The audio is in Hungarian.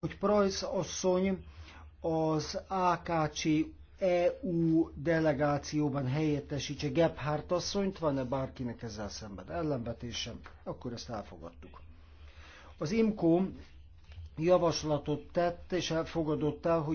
hogy Price asszony az AKC EU delegációban helyettesítse Gebhardt asszonyt, van-e bárkinek ezzel szemben ellenvetésem, akkor ezt elfogadtuk. Az IMCO javaslatot tett és elfogadott el, hogy